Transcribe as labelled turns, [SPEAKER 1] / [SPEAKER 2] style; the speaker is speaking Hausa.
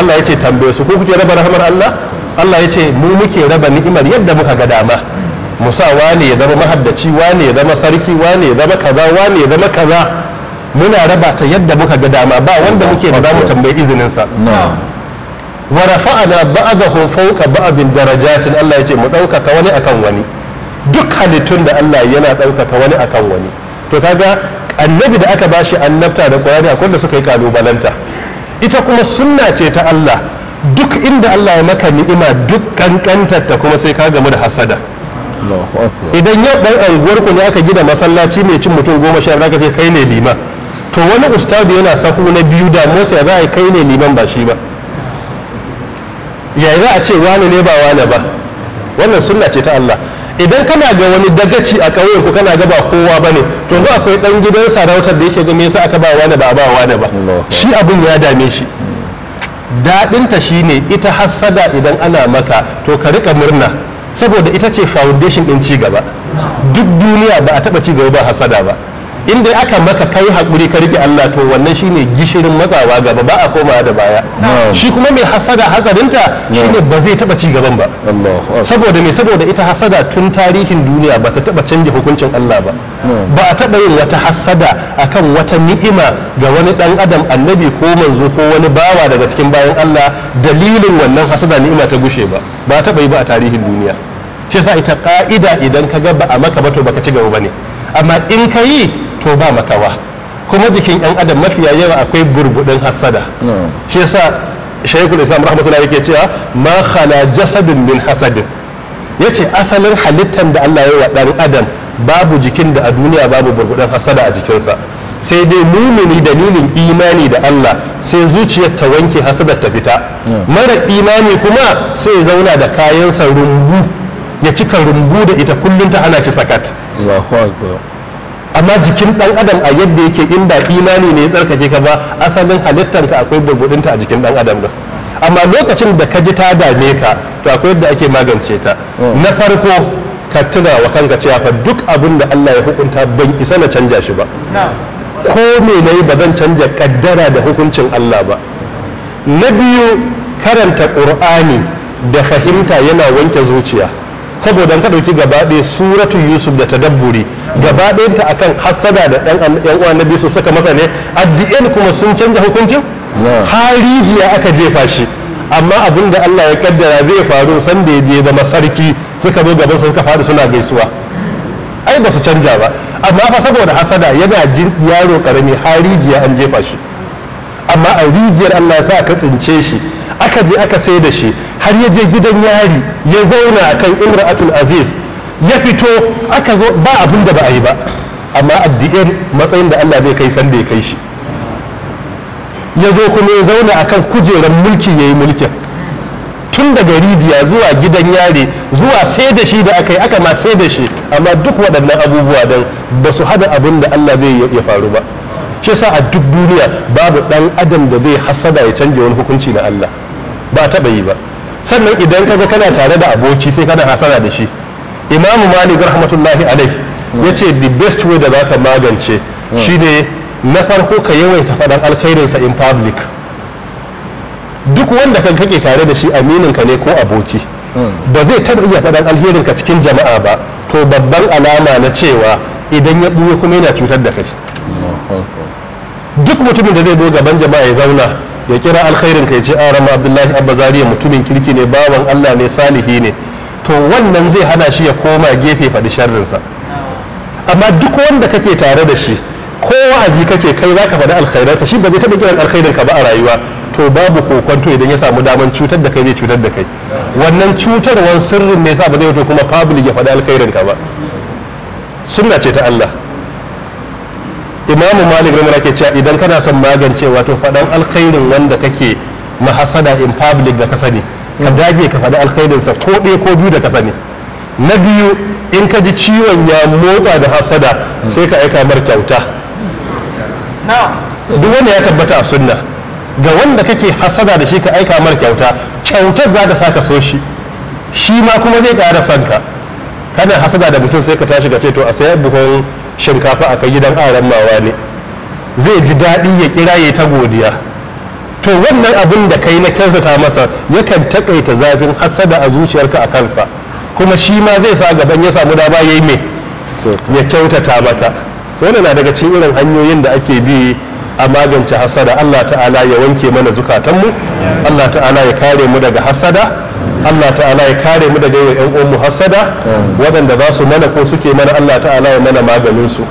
[SPEAKER 1] Allah ya ce tambaye su ko kuke raba rahmar Allah Allah ya ce mu muke raba ni'imar yadda muka ga dama musa wane ya zama mahaddaci wane ya zama sarki wane ya zama kaza wane ya zama kaza muna raba ta yadda muka ga dama ba wanda muke da zamu tambayi izinin sa wa rafa'ana ba'dahu fawqa ba'din darajatin Allah ya ce mu ɗaukaka wani akan wani duk halittun da Allah yana ɗaukaka wani akan wani to kaga annabi da aka bashi annabta da Qur'ani akwai da suka yi kalubalanta ita kuma sunna ce ta Allah duk inda Allah ya maka ni'ima duk kankantar ta kuma sai ka gamu da hasada idan yau dan anguwar ku ne aka gida masallaci mai cin mutum goma sha zaka ce kai ne liman to wani ustaz yana sahu na biyu da musa ya za a kai ne liman ba shi ba yayi za a ce wani ne ba wani ba wannan sunna ce ta Allah idan kana ga wani dagaci a ƙauyen ku kana ga ba kowa ba ne to ba akwai ɗan gidan sarautar da yake ga me yasa aka ba wani ba ba wani ba shi abun ya dame shi daɗinta shine ita hassada idan ana maka to ka riƙa murna saboda ita ce foundation ɗin ci gaba duk duniya ba a taɓa ci gaba ba hassada ba Inda aka maka kai hakuri ka rike Allah to wannan shine gishirin matsawa gaba ba a komawa da baya shi kuma mai hasada hatsarinta shine ba zai taba ci gaban ba saboda me saboda ita hasada tun tarihin duniya ba ta taba canza hukuncin Allah ba ba a taba yin wata hasada akan wata ni'ima ga wani dan adam annabi ko manzo ko wani bawa daga cikin bayan Allah dalilin wannan hasada ni'ima ta gushe ba ba taba yi ba a tarihin duniya shi yasa ita ka'ida idan ka ga ba a maka ba to baka ci gaba bane amma in ka yi to ba makawa kuma jikin yan adam mafiya yawa akwai burbudin hasada shi yasa shaykhul islam rahmatullahi yake cewa ma khala jasadun min hasadin yace asalin halittar da Allah ya yi wa ɗan adam babu jikin da a duniya babu burbudin hasada a jikinsa sai dai mumini dalilin imani da Allah sai zuciyar ta wanke hasadar ta fita mara imani kuma sai zauna da kayansa rumbu ya cika rumbu da ita kullum ta hana shi sakat amma jikin dan adam a yadda yake in ba imani ne ya tsarkake ka ba asalin halittanka akwai burbudinta a jikin dan adam din amma lokacin da ka ji ta dame ka to akwai yadda ake magance ta hmm. na farko ka tuna wa kanka cewa fa duk abin da Allah ya hukunta ban isa na canja shi ba ko me nayi ba zan canja kaddara da hukuncin Allah ba na biyu karanta qur'ani da fahimta yana wanke zuciya saboda ka ɗauki gaba ɗaya suratu yusuf da tadabburi gaba ɗayanta akan hassada da ɗan ɗan uwan nabi su suka masa ne addi'in kuma sun canza hukuncin harijiya aka jefa shi amma abin da Allah ya kaddara zai faru sanda ya je da masarki suka zo gaban suka faɗi suna gaisuwa ai ba su canja ba amma fa saboda hasada yana jin yaro karami harijiya an jefa shi amma a rijiyar Allah ya sa aka tsince shi aka je aka sai da shi har ya je gidan yari ya zauna akan imra'atul aziz ya fito aka zo ba abin da ba a yi ba amma addu'in matsayin da Allah bai kai sanda ya kai shi ya zo kuma ya zauna akan kujerar mulki ya yi mulkin tun daga rijiya zuwa gidan yare zuwa sai da shi da aka yi aka ma sai da shi amma duk waɗannan abubuwa don ba su hada abin da Allah zai ya faru ba shi sa a duk duniya babu ɗan adam da zai hasada ya canza wani hukunci na Allah ba taɓa yi ba
[SPEAKER 2] sannan idan ga kana tare da aboki sai kana hasada da
[SPEAKER 1] shi imamu malik rahmatullahi alaihi hmm. ya ce the best way da za ka magance hmm. shine na farko ka yawaita faɗan alkhairinsa in public duk wanda kan kake tare da shi amininka ne ko aboki hmm. ba zai taɓa iya faɗan alherinka cikin jama'a ba to babban alama na cewa idan ya ɓuya kuma yana cutar da kai duk mutumin da zai zo gaban jama'a ya zauna ya kira alkhairin ya ce a ah, rama abdullahi abba zariya mutumin kirki ne bawan allah ne salihi ne to wannan zai hana shi ya koma gefe faɗi sharrinsa amma duk wanda kake tare da shi ko wa'azi kake kai za ka faɗi alkhairansa shi ba zai taɓa kiran alkhairin ba a rayuwa to babu kokonto idan ya samu daman cutar da kai zai cutar da kai wannan cutarwar sirrin ne sa ba zai to kuma public ya faɗi alkhairin ka ba sunna ce ta Allah imamu malik ramar ke cewa idan kana son magancewa to faɗan alkhairin wanda kake mahasada in public da ka sani ka dage ka faɗi alkhairinsa ko ɗaya ko biyu da ka sani na biyu in ka ji ciwon ya motsa da hasada sai ka aika mar kyauta duk wanda ya tabbata a sunna ga wanda kake hasada da shi ka aika mar kyauta kyautar za ta sa ka so shi shi ma kuma zai ƙara son ka kana hasada da mutum sai ka tashi ka ce to a sayar buhun shinkafa a kai gidan aran mawa ne zai ji daɗi ya kiraye ta godiya to wannan abin da kai na kyautata masa yakan takaita zafin hasada a zuciyarka a kansa kuma shi ma zai sa gaban ya samu dama yi mai ya kyautata mata so wannan na daga cikin irin hanyoyin da ake bi a magance hasada Allah ta'ala ya wanke mana zukatanmu Allah ta'ala ya kare mu daga hasada Allah ta'ala ya kare mu daga yawan 'yan uwan mu hasada waɗanda za su mana ko suke mana Allah ta'ala ya mana maganin su